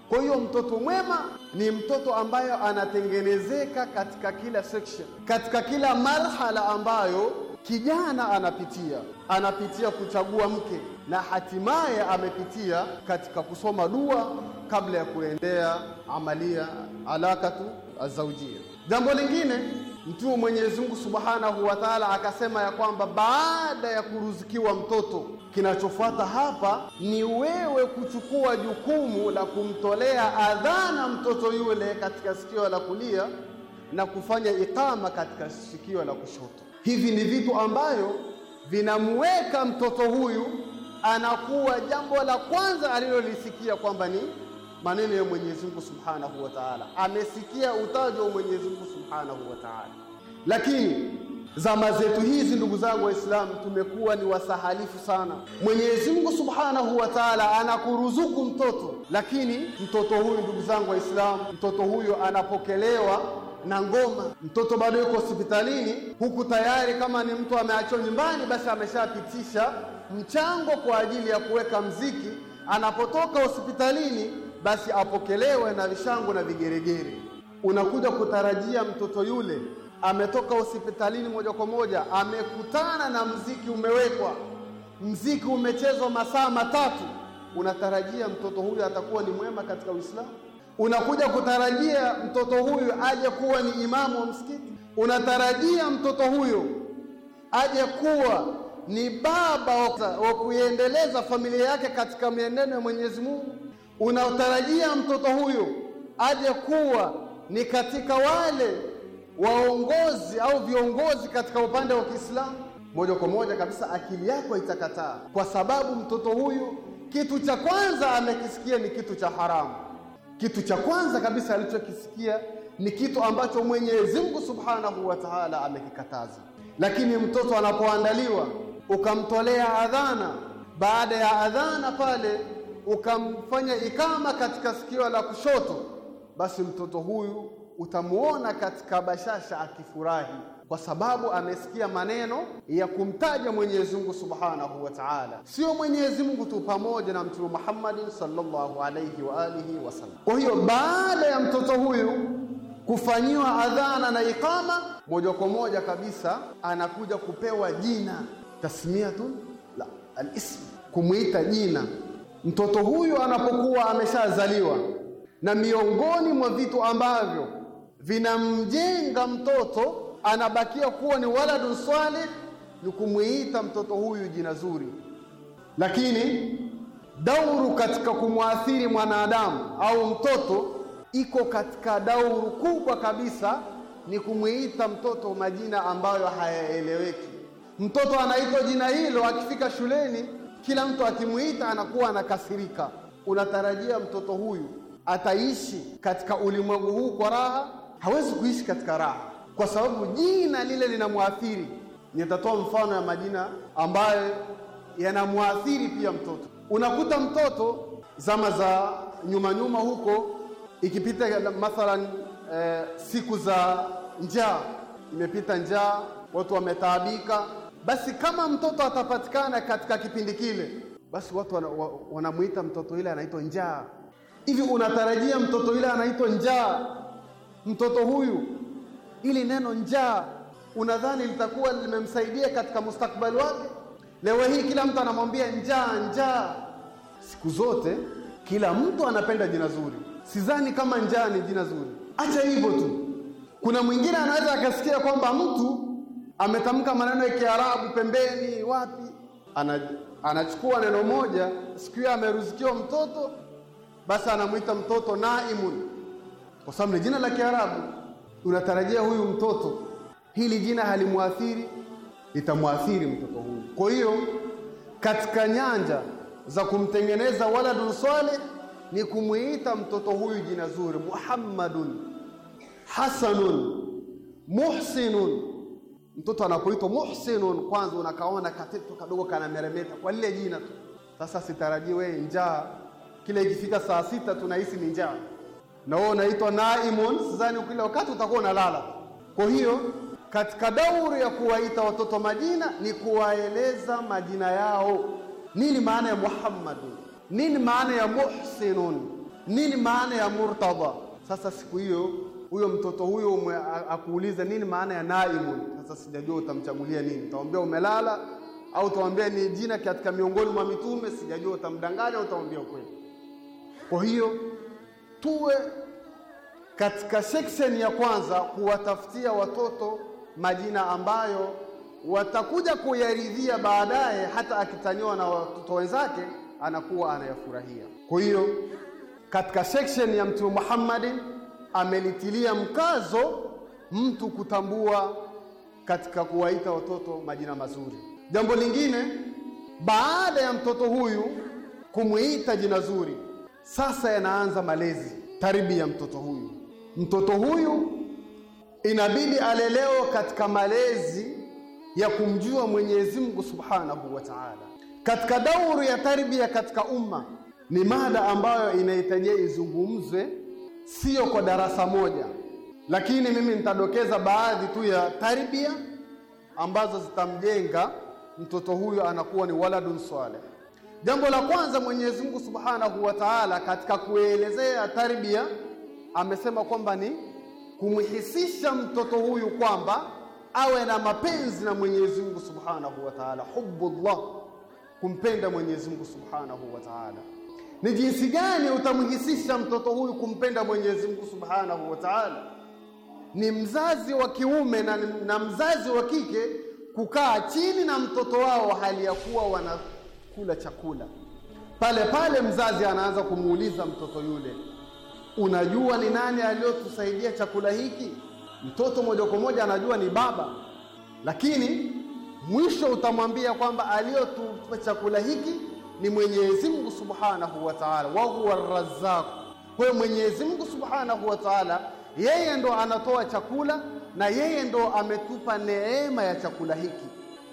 Kwa hiyo mtoto mwema ni mtoto ambayo anatengenezeka katika kila section, katika kila marhala ambayo kijana anapitia, anapitia kuchagua mke na hatimaye amepitia katika kusoma dua kabla ya kuendea amalia alakatu azaujia. Jambo lingine, Mtume Mwenyezi Mungu Subhanahu wa Ta'ala akasema ya kwamba baada ya kuruzikiwa mtoto, kinachofuata hapa ni wewe kuchukua jukumu la kumtolea adhana mtoto yule katika sikio la kulia na kufanya ikama katika sikio la kushoto. Hivi ni vitu ambayo vinamweka mtoto huyu anakuwa jambo la kwanza alilolisikia kwamba ni maneno ya Mwenyezi Mungu Subhanahu wa Ta'ala, amesikia utajwa wa Mwenyezi Mungu Subhanahu wa Ta'ala. Lakini zama zetu hizi, ndugu zangu Waislamu, tumekuwa ni wasahalifu sana. Mwenyezi Mungu Subhanahu wa Ta'ala anakuruzuku mtoto, lakini mtoto huyu, ndugu zangu Waislamu, mtoto huyo anapokelewa na ngoma. Mtoto bado yuko hospitalini, huku tayari kama ni mtu ameachwa nyumbani, basi ameshapitisha mchango kwa ajili ya kuweka mziki. Anapotoka hospitalini basi apokelewe na vishangu na vigeregere. Unakuja kutarajia mtoto yule ametoka hospitalini moja kwa moja, amekutana na mziki umewekwa, mziki umechezwa masaa matatu, unatarajia mtoto huyu atakuwa ni mwema katika Uislamu? Unakuja kutarajia mtoto huyu aje kuwa ni imamu wa msikiti? Unatarajia mtoto huyu aje kuwa ni baba wa kuiendeleza familia yake katika mienendo ya Mwenyezi Mungu? unaotarajia mtoto huyu aje kuwa ni katika wale waongozi au viongozi katika upande wa Kiislamu? Moja kwa moja kabisa akili yako itakataa, kwa sababu mtoto huyu kitu cha kwanza amekisikia ni kitu cha haramu. Kitu cha kwanza kabisa alichokisikia ni kitu ambacho Mwenyezi Mungu Subhanahu wa Ta'ala amekikataza. Lakini mtoto anapoandaliwa ukamtolea adhana, baada ya adhana pale ukamfanya ikama katika sikio la kushoto, basi mtoto huyu utamuona katika bashasha akifurahi, kwa sababu amesikia maneno ya kumtaja Mwenyezi Mungu Subhanahu wa Ta'ala. Sio Mwenyezi Mungu tu, pamoja na Mtume Muhammad sallallahu alayhi wa alihi wasallam. Kwa hiyo baada ya mtoto huyu kufanyiwa adhana na ikama, moja kwa moja kabisa anakuja kupewa jina tasmiatu la alism, kumwita jina Mtoto huyu anapokuwa ameshazaliwa, na miongoni mwa vitu ambavyo vinamjenga mtoto anabakia kuwa ni waladu salih ni kumwita mtoto huyu jina zuri. Lakini dauru katika kumwathiri mwanadamu au mtoto iko katika dauru kubwa kabisa, ni kumwita mtoto majina ambayo hayaeleweki. Mtoto anaitwa jina hilo akifika shuleni kila mtu akimwita anakuwa anakasirika. Unatarajia mtoto huyu ataishi katika ulimwengu huu kwa raha? Hawezi kuishi katika raha, kwa sababu jina lile linamwathiri. Nitatoa mfano ya majina ambayo yanamwathiri pia mtoto. Unakuta mtoto zama za nyuma nyuma huko, ikipita mathalan eh, siku za njaa, imepita njaa, watu wametaabika basi kama mtoto atapatikana katika kipindi kile, basi watu wanamwita mtoto ile anaitwa njaa. Hivi unatarajia mtoto ile anaitwa njaa? Mtoto huyu, ili neno njaa unadhani litakuwa limemsaidia katika mustakbali wake? Leo hii kila mtu anamwambia njaa, njaa. Siku zote kila mtu anapenda jina zuri, sidhani kama njaa ni jina zuri. Acha hivyo tu. Kuna mwingine anaweza akasikia kwamba mtu ametamka maneno ya Kiarabu pembeni wapi, anachukua neno moja. Siku hiyo ameruzikiwa mtoto, basi anamwita mtoto Naimun kwa sababu ni jina la Kiarabu. Unatarajia huyu mtoto, hili jina halimwathiri, litamwathiri mtoto huyu. Kwa hiyo katika nyanja za kumtengeneza waladun salih ni kumwita mtoto huyu jina zuri, Muhammadun, Hasanun, Muhsinun Mtoto anapoitwa Muhsinun, kwanza unakaona katetu kadogo kanameremeta kwa lile jina tu. Sasa sitarajiwe njaa, kile ikifika saa sita tunahisi ni njaa, na wewe unaitwa Naimun, sidhani kila wakati utakuwa unalala. Kwa hiyo katika dauri ya kuwaita watoto majina ni kuwaeleza majina yao. Nini maana ya muhammad Nini maana ya Muhsinun? Nini maana ya Murtada? Sasa siku hiyo huyo mtoto huyo akuulize nini maana ya naimun. Sasa sijajua utamchagulia nini, utamwambia umelala au utamwambia ni jina katika miongoni mwa mitume, sijajua utamdanganya au utamwambia ukweli. Kwa hiyo tuwe katika section ya kwanza kuwatafutia watoto majina ambayo watakuja kuyaridhia baadaye, hata akitaniwa na watoto wenzake anakuwa anayafurahia. Kwa hiyo katika section ya Mtume Muhammad amelitilia mkazo mtu kutambua katika kuwaita watoto majina mazuri. Jambo lingine, baada ya mtoto huyu kumwita jina zuri, sasa yanaanza malezi, tarbia ya mtoto huyu. Mtoto huyu inabidi alelewe katika malezi ya kumjua Mwenyezi Mungu Subhanahu wa Ta'ala. Katika dauru ya tarbia katika umma ni mada ambayo inahitajia izungumzwe sio kwa darasa moja, lakini mimi nitadokeza baadhi tu ya tarbia ambazo zitamjenga mtoto huyo anakuwa ni waladun saleh. Jambo la kwanza, Mwenyezi Mungu Subhanahu wa Ta'ala katika kuelezea tarbia amesema kwamba ni kumhisisha mtoto huyu kwamba awe na mapenzi na Mwenyezi Mungu Subhanahu wa Ta'ala, hubbullah, kumpenda Mwenyezi Mungu Subhanahu wa Ta'ala ni jinsi gani utamhisisha mtoto huyu kumpenda Mwenyezi Mungu Subhanahu wa Ta'ala. Ni mzazi wa kiume na, na mzazi wa kike kukaa chini na mtoto wao hali ya kuwa wanakula chakula. Pale pale mzazi anaanza kumuuliza mtoto yule, unajua ni nani aliyotusaidia chakula hiki? Mtoto moja kwa moja anajua ni baba, lakini mwisho utamwambia kwamba aliyotupa chakula hiki ni Mwenyezi Mungu Subhanahu wa Ta'ala, wa huwa Razzaq. Kwa hiyo Mwenyezi Mungu Subhanahu wa Ta'ala yeye ndo anatoa chakula na yeye ndo ametupa neema ya chakula hiki.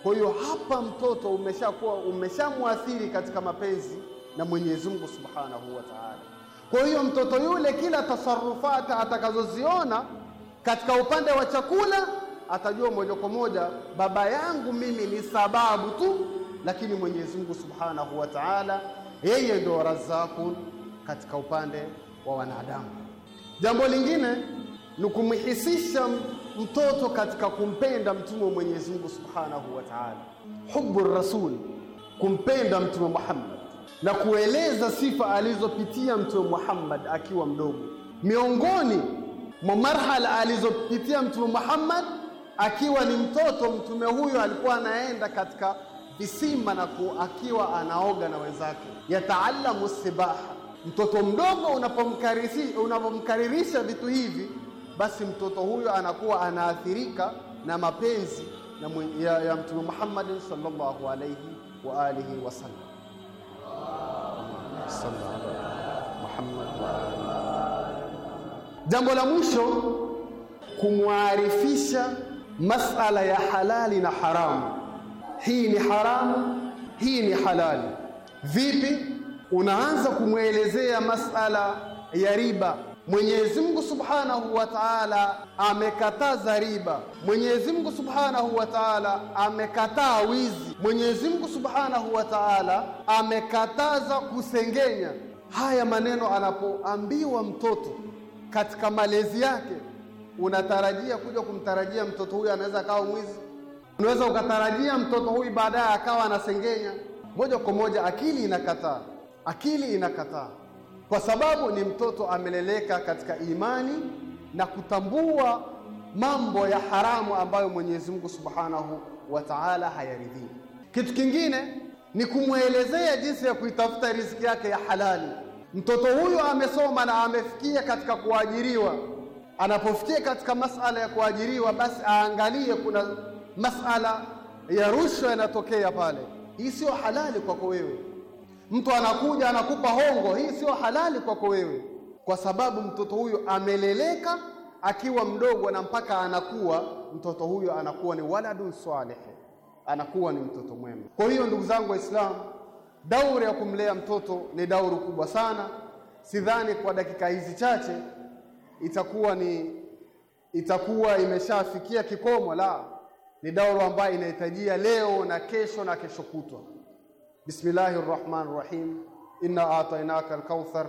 Kwa hiyo hapa mtoto umeshakuwa umeshamwathiri katika mapenzi na Mwenyezi Mungu Subhanahu wa Ta'ala. Kwa hiyo mtoto yule kila tasarufata atakazoziona katika upande wa chakula atajua moja kwa moja, baba yangu mimi ni sababu tu lakini Mwenyezi Mungu Subhanahu wa Ta'ala yeye ndio Razzaqun katika upande wa wanadamu. Jambo lingine ni kumhisisha mtoto katika kumpenda mtume wa Mwenyezi Mungu Subhanahu wa Ta'ala, hubbu rasul, kumpenda mtume Muhammad na kueleza sifa alizopitia mtume Muhammad akiwa mdogo. Miongoni mwa marhala alizopitia mtume Muhammad akiwa ni mtoto, mtume huyo alikuwa anaenda katika kisima na akiwa anaoga na wenzake. Yataalamu sibaha, mtoto mdogo unapomkaririsha vitu hivi, basi mtoto huyo anakuwa anaathirika na mapenzi na ya, ya Mtume Muhammadin sallallahu alayhi wa alihi wasallam. Jambo la mwisho kumwarifisha masala ya halali na haramu hii ni haramu, hii ni halali. Vipi? Unaanza kumwelezea masala ya riba. Mwenyezi Mungu Subhanahu wa Ta'ala amekataza riba. Mwenyezi Mungu Subhanahu wa Ta'ala amekataa wizi. Mwenyezi Mungu Subhanahu wa Ta'ala amekataza kusengenya. Haya maneno anapoambiwa mtoto katika malezi yake, unatarajia kuja kumtarajia mtoto huyo anaweza akawa mwizi? Unaweza ukatarajia mtoto huyu baadaye akawa anasengenya moja kwa moja. Akili inakataa, akili inakataa, kwa sababu ni mtoto ameleleka katika imani na kutambua mambo ya haramu ambayo Mwenyezi Mungu Subhanahu wa Ta'ala hayaridhii. Kitu kingine ni kumwelezea jinsi ya kuitafuta riziki yake ya halali. Mtoto huyu amesoma na amefikia katika kuajiriwa. Anapofikia katika masala ya kuajiriwa, basi aangalie kuna masala ya rushwa yanatokea pale, hii sio halali kwako wewe. Mtu anakuja anakupa hongo, hii sio halali kwako wewe, kwa sababu mtoto huyo ameleleka akiwa mdogo na mpaka anakuwa, mtoto huyo anakuwa ni waladun salih, anakuwa ni mtoto mwema. Kwa hiyo ndugu zangu Waislamu, dauri ya kumlea mtoto ni dauri kubwa sana. Sidhani kwa dakika hizi chache itakuwa ni itakuwa imeshafikia kikomo la ni dauru ambayo inahitajia leo na kesho na kesho kutwa. Bismillahir Rahmanir Rahim. Inna atainaka alkauthar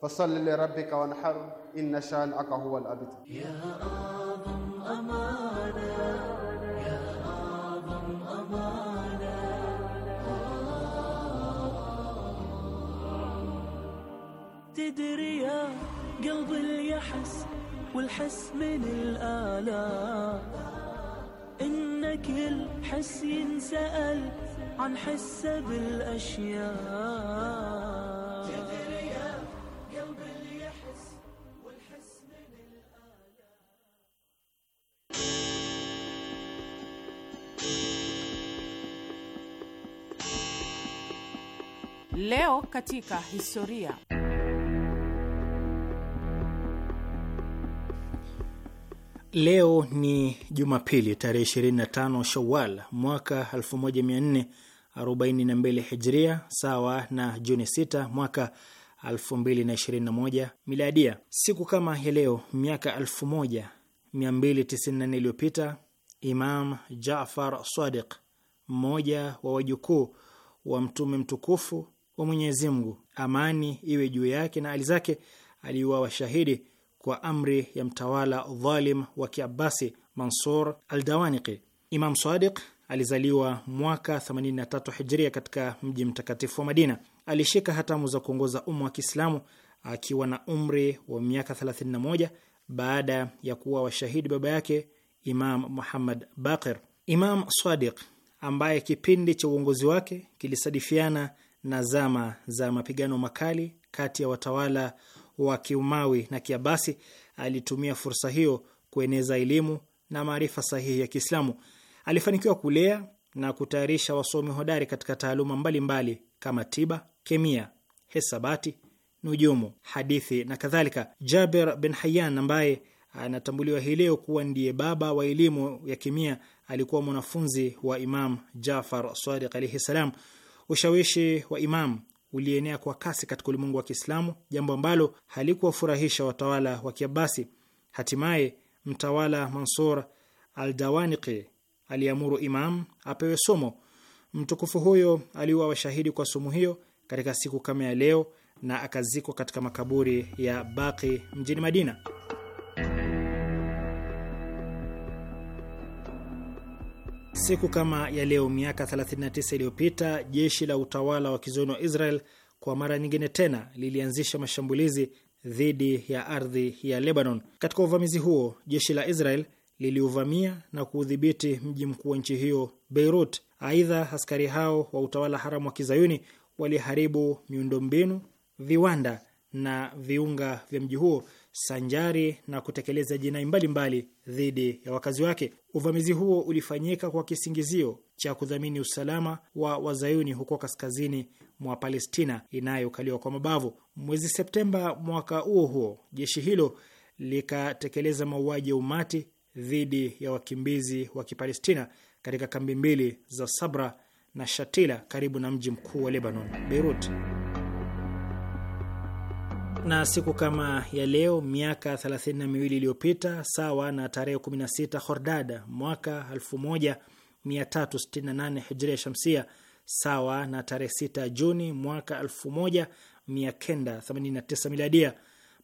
fasalli li rabbika wanhar inna shanaka huwa abtar. Ya azam amana تدري يا قلبي يحس والحس من الآلام إن كل حس ينسأل عن حسه بالأشياء قلب والحس من الآلام Leo katika historia Leo ni Jumapili tarehe 25 Shawal mwaka 1442 Hijria, sawa na Juni 6 mwaka 2021 Miladia. Siku kama ya leo miaka 1294 iliyopita, Imam Jafar Sadiq, mmoja wa wajukuu wa Mtume mtukufu wa Mwenyezi Mungu, amani iwe juu yake na ali zake, aliuawa shahidi kwa amri ya mtawala dhalim wa Kiabasi Mansur Aldawaniqi. Imam Sadiq alizaliwa mwaka 83 Hijria katika mji mtakatifu wa Madina. Alishika hatamu za kuongoza umma wa Kiislamu akiwa na umri wa miaka 31 baada ya kuwa washahidi baba yake Imam Muhammad Baqir. Imam Sadiq ambaye kipindi cha uongozi wake kilisadifiana na zama za mapigano makali kati ya watawala wa Kiumawi na Kiabasi alitumia fursa hiyo kueneza elimu na maarifa sahihi ya Kiislamu. Alifanikiwa kulea na kutayarisha wasomi hodari katika taaluma mbalimbali mbali kama tiba, kemia, hesabati, nujumu, hadithi na kadhalika. Jaber bin Hayyan ambaye anatambuliwa hii leo kuwa ndiye baba wa elimu ya kemia alikuwa mwanafunzi wa Imam Jafar Sadiq alaihi salam. Ushawishi wa Imam ulienea kwa kasi katika ulimwengu wa Kiislamu, jambo ambalo halikuwafurahisha watawala wa Kiabasi. Hatimaye mtawala Mansur Aldawaniki aliamuru Imam apewe somo. Mtukufu huyo aliuwa washahidi kwa sumu hiyo katika siku kama ya leo na akazikwa katika makaburi ya Baqi mjini Madina. Siku kama ya leo miaka 39 iliyopita jeshi la utawala wa kizoni wa Israel kwa mara nyingine tena lilianzisha mashambulizi dhidi ya ardhi ya Lebanon. Katika uvamizi huo, jeshi la Israel liliuvamia na kuudhibiti mji mkuu wa nchi hiyo Beirut. Aidha, askari hao wa utawala haramu wa kizayuni waliharibu miundombinu, viwanda na viunga vya mji huo sanjari na kutekeleza jinai mbalimbali dhidi ya wakazi wake. Uvamizi huo ulifanyika kwa kisingizio cha kudhamini usalama wa wazayuni huko kaskazini mwa Palestina inayokaliwa kwa mabavu. Mwezi Septemba mwaka huo huo, jeshi hilo likatekeleza mauaji ya umati dhidi ya wakimbizi wa Kipalestina katika kambi mbili za Sabra na Shatila karibu na mji mkuu wa Lebanon, Beirut na siku kama ya leo miaka 32 iliyopita, sawa na tarehe 16 Hordada mwaka 1368 Hijria Shamsia, sawa na tarehe 6 Juni mwaka 1989 Miladia,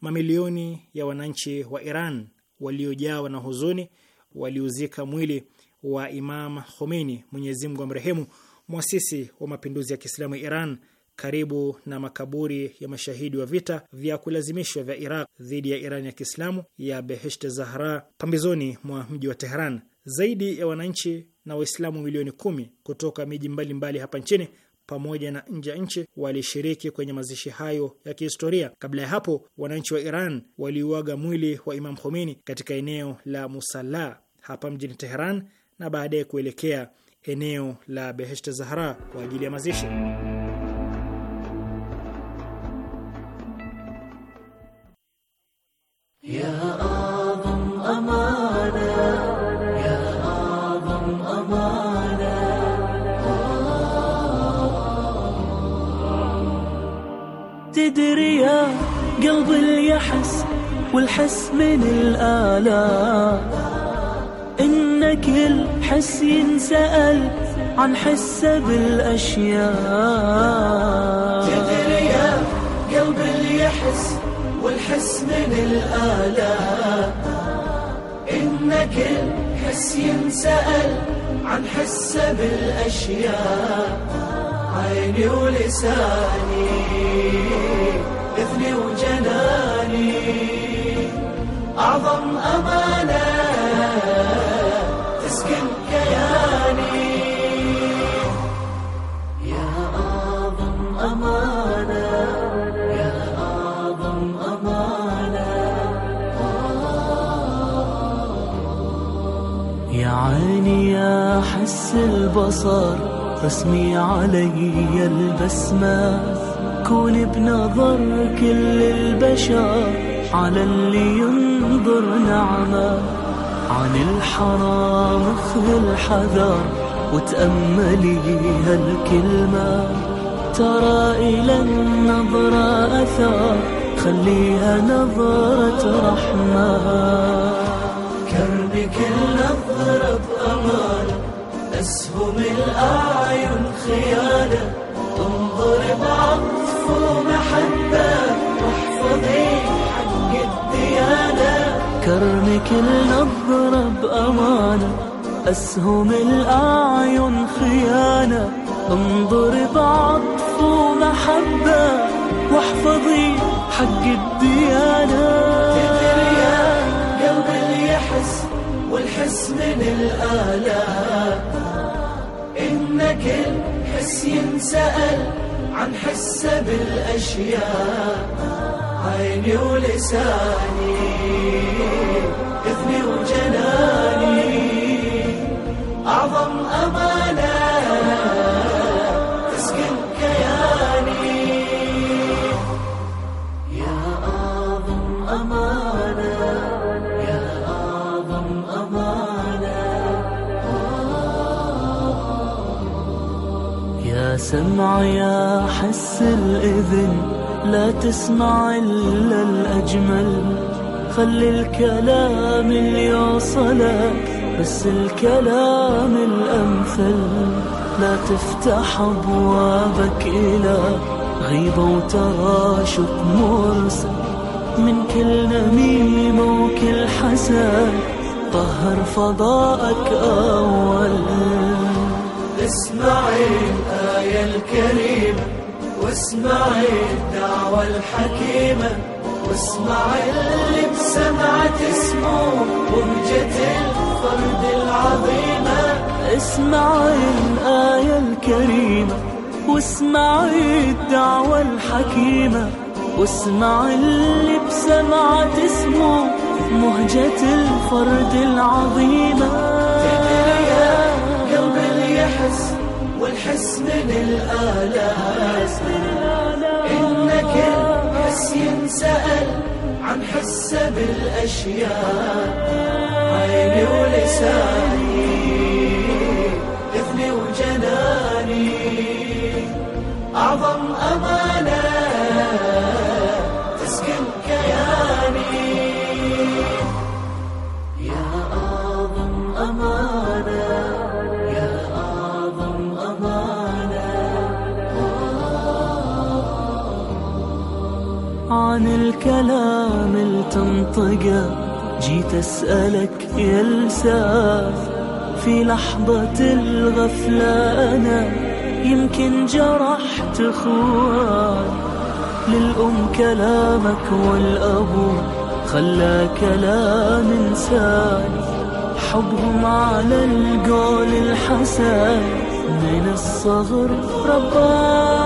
mamilioni ya wananchi wa Iran waliojawa na huzuni waliuzika mwili wa Imam Khomeini, Mwenyezi Mungu amrehemu, mwasisi wa mapinduzi ya Kiislamu ya Iran karibu na makaburi ya mashahidi wa vita vya kulazimishwa vya Iraq dhidi ya Iran ya Kiislamu ya Beheshte Zahra pambizoni mwa mji wa Tehran. Zaidi ya wananchi na Waislamu milioni kumi kutoka miji mbalimbali hapa nchini pamoja na nje ya nchi walishiriki kwenye mazishi hayo ya kihistoria. Kabla ya hapo, wananchi wa Iran waliuaga mwili wa Imam Khomeini katika eneo la Musalla hapa mjini Teheran na baadaye kuelekea eneo la Beheshte Zahra kwa ajili ya mazishi. قلبي اليحس والحس من الآلام إن كل حس ينسأل عن حسه بالأشياء تدري يا قلبي اليحس والحس من الآلام إن كل حس ينسأل عن حسه بالأشياء عيني ولساني شغفني وجناني أعظم أمانة تسكن كياني يا أعظم أمانة يا أعظم أمانة آه. يا عيني يا حس البصر رسمي علي البسمه أكون بنظر كل البشر على اللي ينظر نعمة عن الحرام خذ الحذر وتأملي هالكلمة ترى إلى النظرة أثر خليها نظرة رحمة كربك النظرة بأمان أسهم الأعين خيانة انظر بعض كرمك النظرة بأمانة أسهم الأعين خيانة انظر بعطف ومحبة واحفظي حق الديانة تدري يا قلب اللي يحس والحس من الآلام إن كل حس ينسأل عن حسه بالأشياء عيني ولساني إذني وجناني أعظم أمانة تسكن كياني يا أعظم أمانة يا أعظم أمانة يا سمع يا حس الإذن لا تسمع إلا الأجمل خلي الكلام اللي يوصلك بس الكلام الأمثل لا تفتح أبوابك إلى غيبة وتراشق مرسل من كل نميمة وكل حسد طهر فضاءك أول اسمعي الآية الكريمة واسمع الدعوة الحكيمة واسمع اللي بسمعت اسمه بهجة الفرد العظيمة اسمع الآية الكريمة واسمع الدعوة الحكيمة واسمع اللي بسمعة اسمه مهجة الفرد العظيمة تدري يا قلبي اللي يحس الحس من إن كل حس ينسأل عن حس بالأشياء عيني ولساني عن الكلام التنطقه جيت اسالك يا لساخ في لحظة الغفلة أنا يمكن جرحت أخوان للأم كلامك والأبو خلى كلام إنسان حبهم على القول الحسن من الصغر ربان